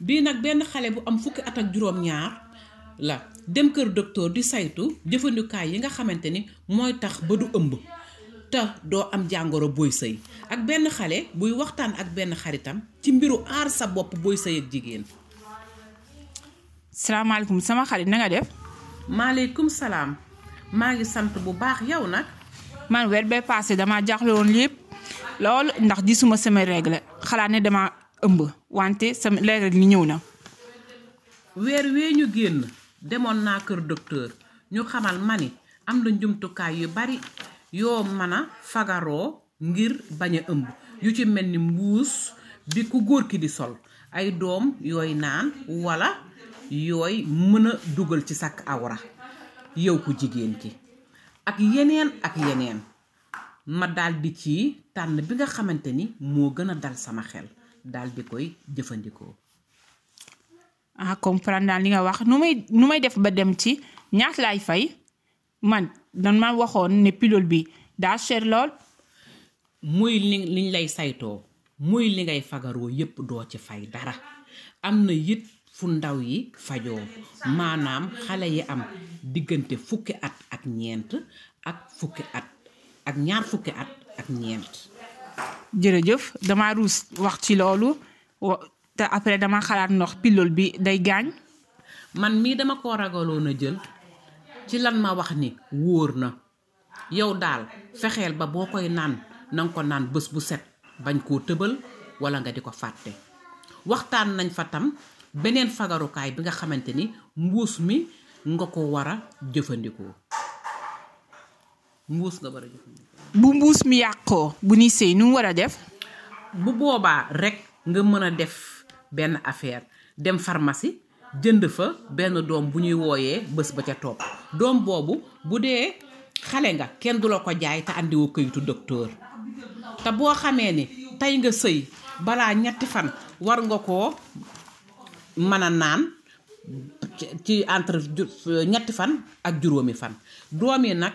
bii nag benn xale bu am fukki at ak juróom-ñaar la dem kër docteur di saytu jëfandikaay yi nga xamante ni mooy tax ba du ëmb te doo am jàngoro booy sëy ak benn xale buy waxtaan ak benn xaritam ci mbiru aar sa bopp booy sëy ak jigéen. salaamaaleykum sama xarit nanga def. maaleykum salaam maa ngi sant bu baax yow nag. man weer bee paase damaa jaaxle woon lépp loolu ndax gisuma sama règle xalaat ne dama ëmb wante sa leeral ñëw na. weer wee ñu génn demoon naa kër docteur ñu xamal ma ni am na njumtukaay yu bari yoo mën a fagaroo ngir bañ a ëmb yu ci mel ni mbuus bi ku góor ki di sol ay doom yooy naan walla yooy mën a dugal ci sakk awra yow ku jigéen ki ak yeneen ak yeneen ma daldi ci tànn bi nga xamante ni moo gën a dal sama xel daal di koy jëfandikoo. ah comprendre li nga wax nu may def ba dem ci ñaata laay fay man dan ma waxoon ne pilule bi daa cher lool. muy li liñ lay saytoo muy li ngay fagaroo yépp doo ci fay dara am na yit fu ndaw yi fajoo maanaam xale yi am diggante fukki at ak ñeent ak fukki at ak ñaar fukki at ak ñeent jërëjëf dama ruus wax ci loolu te après dama xalaat ndox pilule bi day gaañ. man mii dama ko ragaloon a jël ci lan ma wax ni wóor na yow daal fexeel ba boo koy naan nanga ko naan bés bu set bañ koo tëbal wala nga di ko fàtte waxtaan nañ fa tam beneen fagarukaay bi nga xamante ni mbuus mi nga ko war a jëfandikoo. mbuus nga war bu mbuus mi yàqoo bu ni sëy nu mu war a def. bu boobaa rekk nga mën a def benn affaire dem pharmacie jënd fa benn doom bu ñuy wooyee bés ba ca topp doom boobu bu dee xale nga kenn du la ko jaay te andiwoo këyitu doktoor te boo xamee ni tey nga sëy balaa ñetti fan war nga ko mën a naan ci entre ñetti fan ak juróomi fan doom nag.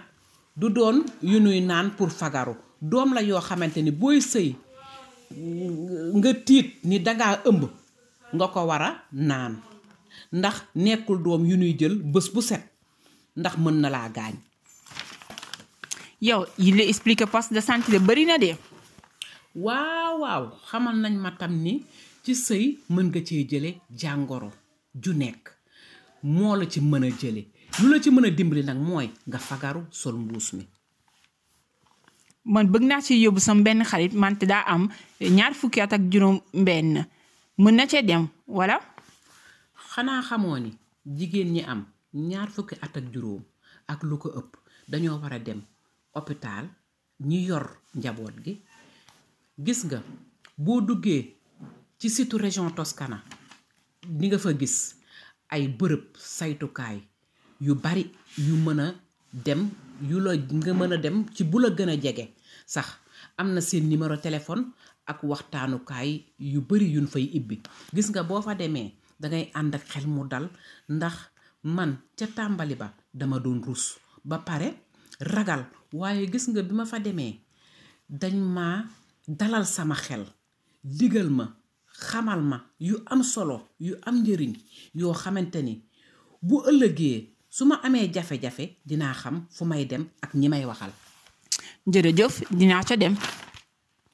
du doon yu nuy naan pour fagaru doom la yoo xamante ni booy sëy nga tiit ni dangaa ëmb nga ko war a naan ndax nekkul doom yu nuy jël bés bu set ndax mën na laa gaañ yow il explique poste de santé de bëri na de waaw waaw xamal nañ ma tam ni ci sëy mën nga cee jële jàngoro ju nekk moo la ci mën a jële lu la ci mën a dimbali nag mooy nga fagaru sol mbuus mi man bëgg naa ci yóbbu sa benn xarit man te daa am ñaar fukki at ak juróom mbenn mën na cee dem wala xanaa xamoo ni jigéen ñi am ñaar fukki at ak juróom ak lu ko ëpp dañoo wara dem hôpital ñi yor njaboot gi gis nga boo duggee ci situ région Toscana di nga fa gis ay bërëb saytukaay yu bari yu mën a dem yu la nga mën a dem ci bu la gën a jege sax am na seen numéro téléphone ak waxtaanukaay yu bari yuñ fay ibbi gis nga boo fa demee dangay ànd ak xel mu dal ndax man ca tàmbali ba dama doon rus ba pare ragal waaye gis nga bi ma fa demee dañ ma dalal sama xel digal ma xamal ma yu am solo yu am njëriñ yoo xamante ni bu ëllëgee su ma amee jafe-jafe dinaa xam fu may dem ak ñi may waxal. jërëjëf dinaa ca dem.